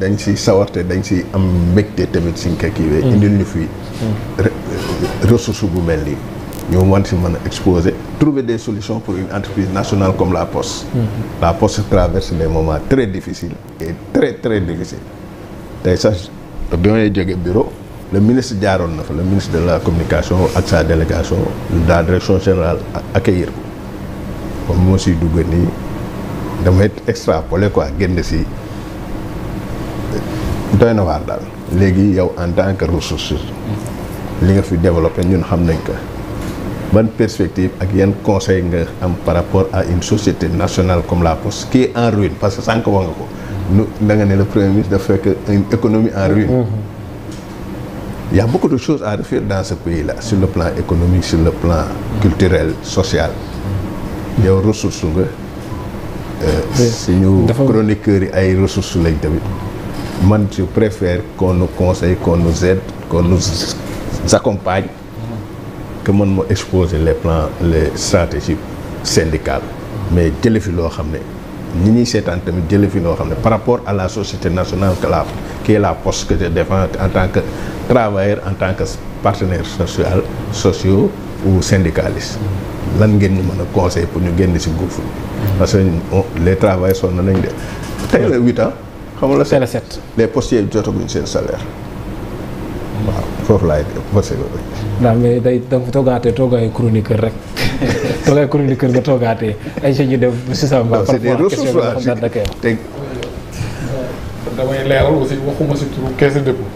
dañ si sawarte dañ si am qui tamit siñ ressources kiiwee indil ñu fi mm. ressource bu mel exposer trouver des solutions pour une entreprise nationale comme la Poste mm-hmm. la Poste traverse des moments très difficiles et très très difficiles tey sax bi bureau le ministre jaaroon le ministre de la communication ak sa délégation de la direction générale accueillir comme moo siy mettre extra pour extrapoler quoi génn si doyna war dal daal yow en tant que ressource li nga fi développer ñun xam nañ ko ban perspective ak yan conseil nga am par rapport à une société nationale comme la Poste qui est en ruine parce que sànq wax nga ko da nga le premier ministre fait que une économie en ruine mm-hmm. il y a beaucoup de choses à refaire dans ce pays-là sur le plan économique sur le plan culturel social yow y a des chroniqueurs Si ay ressources les ressources je préfère qu'on nous conseille qu'on nous aide qu'on nous accompagne que nous exposer les plans les stratégies syndicales mais je le fais par rapport à la société nationale qui est la poste que je défends en tant que travailleur en tant que partenaire social ou syndicaliste je ngeen ñu pas conseil pour nous gagner ce parce que les travailleurs sont nañ de ans xamul la seen set les postiers jotaguñ seen salaire waaw foofu laay posé ko. waaw mais day da nga fa toogaatee toogaayu chroniqueur rek toogaayu chroniqueur nga toogaatee ay sa ñu dem si sama mbaa. c'est des ressources là te damay leeral aussi waxuma si turu caisse de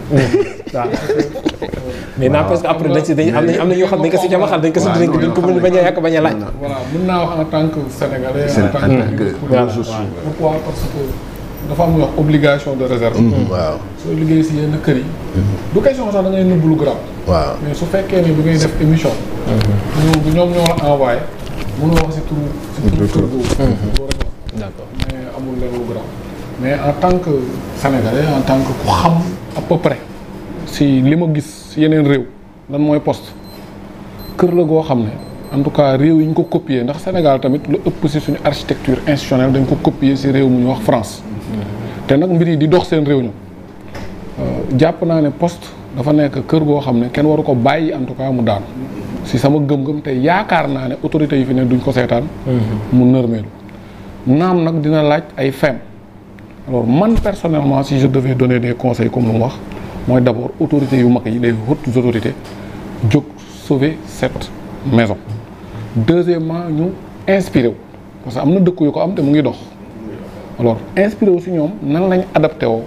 mais naa parce que après dañ si dañ am nañ am na ñoo xam dañ ko si jama dañ ko si dinañ dañ ko mën bañ a yàq bañ a laaj. voilà mën dafa am wax obligation de réserve. Mm-hmm. Mm-hmm. waaw soo liggéey si yenn kër yi. Mm-hmm. du question sax da ngay nëbb lu grave. waaw mais su fekkee ne bi ngay def émission. ñoom ñoom ñoo la envoyé. mënoo wax si turu. si turu kër mais amul lenn lu mais en tant que sénégalais en tant que ku xam à près si li ma gis si yeneen réew lan mooy poste kër la goo xam ne. en tout cas réew yi ñu ko copier ndax Sénégal tamit lu ëpp ci suñu architecture institutionnelle dañ ko copier si réew mu ñu wax France te nag mbir yi di dox seen réew ñu euh, jàpp naa ne poste dafa nekk kër goo xam ne kenn waru ko bàyyi en tout cas mu daanu si sama gëm-gëm te yaakaar naa ne autorité yi fi ne duñ ko seetaan. Mm-hmm. mu nërmeelu naam nag dina laaj ay fem alors man personnellement si je devais donner des conseils comme lu mu wax mooy d'abord autorités yu mag yi les hautes autorités jóg sauver set maison deuxièmement ñu inspiré wu parce que am na dëkk yu ko am te mu ngi dox. alors inspiré wu si ñoom nan lañ adapté woo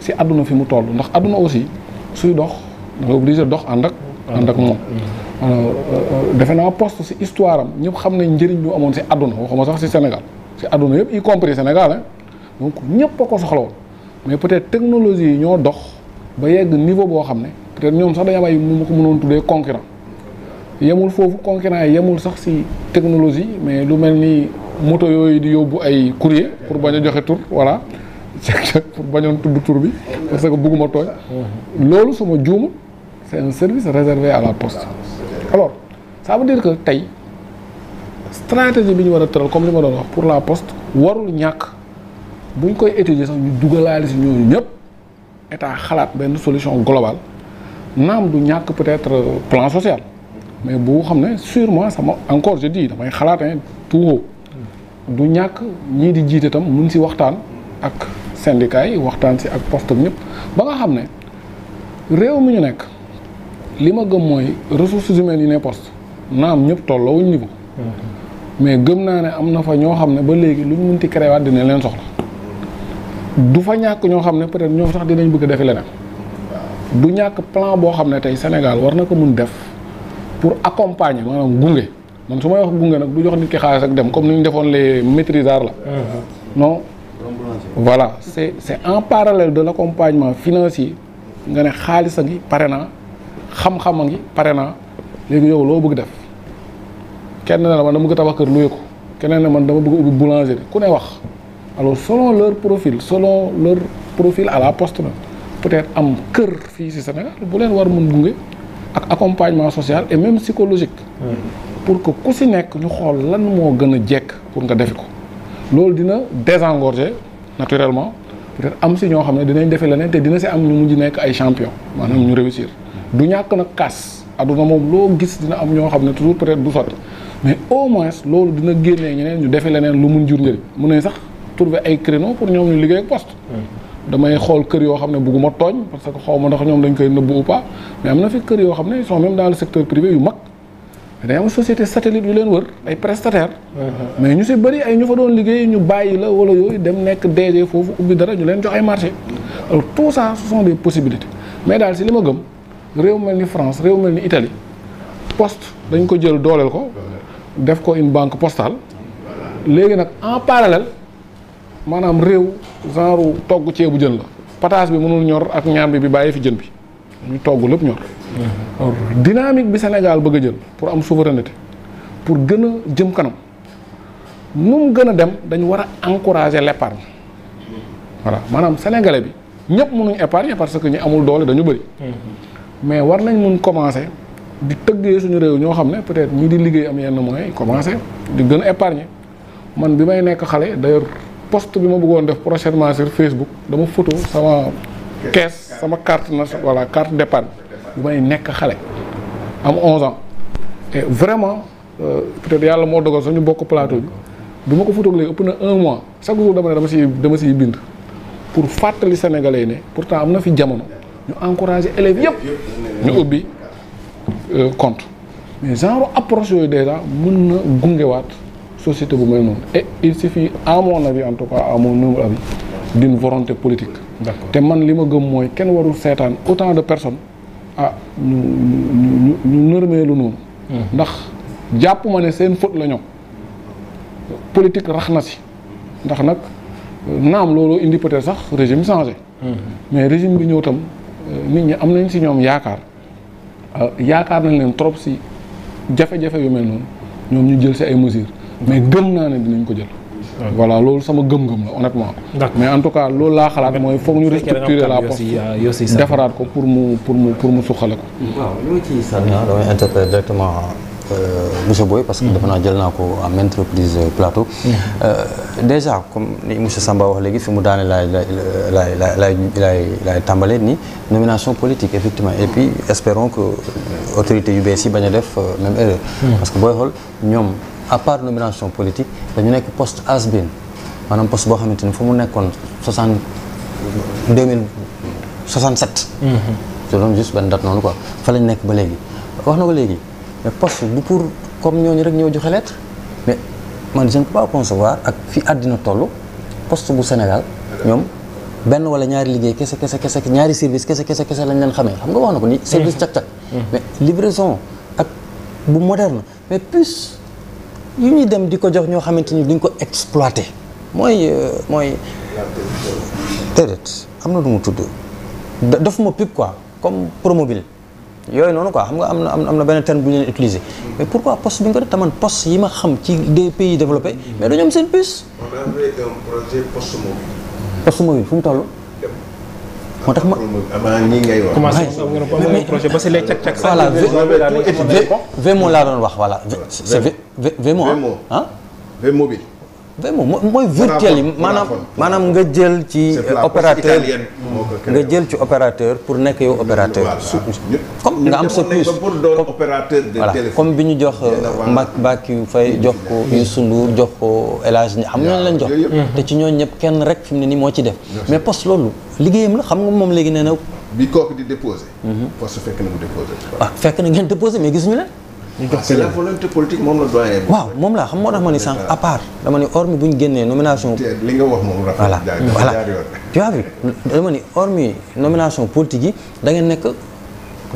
si àdduna fi mu toll ndax àdduna aussi suy dox da nga dox ànd ak ànd ak moom mm-hmm. euh, euh, defe naa post si histoire am ñëpp xam nañ njëriñ bi amoon si àdduna waxuma sax si Sénégal si àdduna yëpp y compris Sénégal hein donc ñëpp a ko soxla mais peut-être technologie yi ñoo dox ba yegg niveau boo xam ne peut-être ñoom sax dañu am ay ma ko mënoon tuddee concurrent yemul foofu concurrent yi yemul sax si technologie mais lu mel nii moto yoy di yóbbu ay courrier pour bañ joxe tour voilà pour bañoon tudd tour bi parce que bugguma toy loolu suma juuma c'est un service réservé à la poste alors ça veut dire que tay stratégie biñu wara teural comme lima ma wax pour la poste warul ñàkk buñ koy étudier sax ñu dugalaale si ñooñu ñëpp état xalat ben solution globale naam du ñàkk peut-être euh, plan social mais bu xam ne sûrement sama encore je dis damay xalaat hein, tout haut du ñàkk ñii di jiite tam mun si waxtaan ak syndicat waxtaan si ak post poste ñëpp ba nga xam ne réew mi ñu nekk li ma gëm mooy ressources humaines yi ne poste naam ñëpp tolloowuñ niveau. Mm-hmm. mais gëm naa ne am na fa ñoo xam ne ba léegi lu ñu munti créé waat dina leen soxla du fa ñàkk ñoo xam ne peut-être ñoo sax dinañ bëgg defi leneen du ñàkk plan boo xam ne tey Sénégal war na ko mun def pour accompagner maanaam gunge. man su may wax gunge nag du jox nit ki xaalis ak dem comme ni ñu defoon les maîtrisards la. Uh-huh. non. voilà c' est c' est en parallèle de l' accompagnement financier nga ne xaalis a ngi pare naa xam-xam a ngi pare naa léegi yow loo bëgg def kenn ne la man dama bëgg tabax kër luye ko keneen ne man dama bëgg ubbi boulangerie ku ne wax alors selon leur profil selon leur profil à la poste peut-être am kër fii ci Sénégal bu leen war mun gunge accompagnement social et même psychologique. Hmm. pour que ku si nekk ñu xool lan moo gën jekk pour nga defi ko. loolu dina désengorger naturellement peut-être am si ñoo xam ne dinañ defe leneen te dina si am ñu mujj nekk ay champion maanaam ñu réussir du ñàkk nag kaas àdduna moom loo gis dina am ñoo xam toujours peut-être du mais au moins loolu dina génnee ñeneen ñu defe leneen lu mun jur njëriñ mun nañ sax trouver ay créneau pour ñoom ñu liggéey ak poste. Hmm damay xol kër yo xamné ne bugguma tooñ parce que xawma ma ndax ñoom dañ koy neub ou pas mais amna fi kër yo xamné ne sont même dans le secteur privé yu mag dañ am société satellite yu leen wër ay prestataire mais ñu ci bari ay ñu fa doon liggéey ñu bayyi la wala yoy dem nek DG fofu ubbi dara ñu leen jox ay marché alors tout ça ce sont des possibilités mais dal si lima gëm réew melni France réew melni ni Italie poste dañ ko jël dooleel ko def ko une banque postale légui nak en parallèle manam réew genre togg ceebu jën la pataas bi mënul ñor ak ñaam bi bi bàyyi fi jën bi ñu togg lépp ñor dynamique bi Sénégal bëgg a jël pour am souveraineté pour gën a jëm kanam nu mu gën a dem dañu war a encourager l'épargne voilà maanaam sénégalais bi ñëpp mënuñ épargne parce que ñu amul doole dañu bëri mais war nañ mun commencer di tëggee suñu réew ñoo xam ne peut-être ñii di liggéey am yenn moyens commencer di gën a épargner man bi may nekk xale d'ailleurs post bi ma bëggoon def prochainement sur Facebook dama photo sama caisse sama carte na voilà carte d'épargne bu may nekk xale am 11 ans et vraiment euh, peut-être yàlla moo dogal sax ñu bokk plateau bi bi ma ko photo léegi ëpp na un mois chaque jour dama ne dama siy dama siy bind pour fàttali sénégalais yi ne pourtant am na fi jamono ñu encourager élèves yëpp ñu ubbi euh, compte mais genre approche yooyu déjà mën na gungewaat société bu mel non et il suffit à mon avis en tout cas à mon humble avis d'une volonté politique té man lima gëm moy kèn warul sétane autant de personnes ah ñu ñu ñu nërmeelu non hmm. ndax jàpp ma ne faute la politique raxna ci ndax nak naam indi peut-être sax régime changé hmm. mais régime bi ñëw tam euh, nit ñi am nañ ci ñom yaakar euh, yaakar nañ leen trop ci jafe-jafe yu mel non ñom ñu jël ci ay mesures mais gëm naa ne ñu ko jël. voilà loolu sama gëm-gëm la honnêtement. mais en tout cas loolu laa xalaat mooy foog ñu restructurer la poste defaraat ko pour mu pour mu pour mu suqale ko. waaw li ma ciy sànni ah, euh, parce que mm-hmm. dafa naa jël naa ko en maintes reprises euh, plateau. Mm-hmm. Euh, déjà comme ni monsieur Samba wax léegi fi mu daane laay laay laay laay laay tàmbalee ni nomination politique effectivement et puis espérons que autorité yu bees yi bañ a def même erreur. Mm-hmm. parce que booy xool ñoom. à part nomination politique dañu nekk post has-been maanaam poste boo xamante ni fu mu nekkoon soixante deux mille soixante sept. Mhm. te doon benn date noonu quoi fa lañ nekk ba léegi. wax na ko léegi mais poste bu pour comme ñooñu rek ñoo joxe lettre mais man je ne peux concevoir ak fi àddina toll post bu Sénégal ñoom. benn wala ñaari liggéey kese kese kese ñaari service kese kese kese lañ leen xamee xam nga wax na ko ni. service mhm. cak cak. Mhm. mais livraison ak bu moderne mais plus yu ñuy dem di ko jox ñoo xamante ni duñ ko exploité mooy euh, mooy. déedéet am na lu mu tudd. daf ma pub quoi comme promobile yooyu noonu ko xam nga am na am na benn terme bu ñu leen utiliser mais pourquoi poste bi nga ko def taman poste yi ma xam ci des pays développés mais dañoo am seen puce. on mobile. fu mu toll. moo tax ma amaa ah, nii laa doon wax voilà. Vemo ah Vemo bi. Vemo mooy virtuel yi maanaam maanaam nga jël ci opérateur nga jël ci opérateur pour nekk yow opérateur comme nga am sa puce voilà comme bi ñu jox euh, Mbak Mbak yu fa jox ko Youssou Ndour jox ko El Hadj xam ñooñu lañ jox te ci ñooñu ñëpp kenn rek fi mu ne nii moo ci def mais poste loolu liggéeyam la xam nga moom léegi nee na bi mhm. ah, fekk na ngeen déposé mais gisuñu leen ñu jox ko la volonté politique waaw moom la xam moo tax ma ni sànq à part dama ni hormi bu ñu génnee nomination. li nga wax moom rafet voilà dama ni hormi nomination politique yi da ngeen nekk.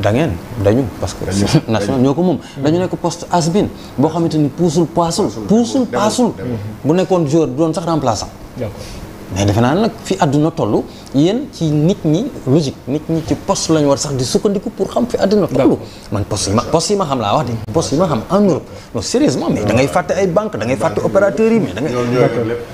da dañu parce que national ñoo ko moom mm-hmm. dañu nekk poste asbin boo xam xamante ni puusul paasul puusul paasul bu nekkoon joueur du doon sax remplaçant mais defe naa nag fi àdduna toll yéen ci nit ñi logique nit ñi ci poste la ñu war sax di sukkandiku pour xam fi àdduna toll man poste yi ma poste yi ma xam laa wax de poste yi ma xam en Europe non sérieusement mais da fàtte ay banque da ngay fàtte opérateur yi mais da ngay